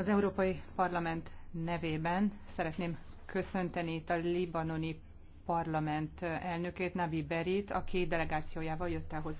Az Európai Parlament nevében szeretném köszönteni itt a libanoni parlament elnökét, Nabi Berit, aki delegációjával jött el hozzá.